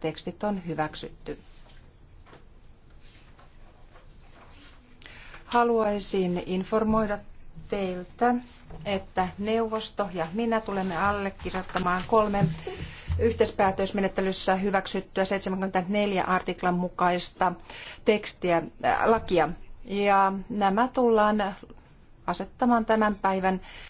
Tekstit on hyväksytty. Haluaisin informoida teiltä, että neuvosto ja minä tulemme allekirjoittamaan kolme yhteispäätösmenettelyssä hyväksyttyä 74 artiklan mukaista tekstiä, äh, lakia. Ja nämä tullaan asettamaan tämän päivän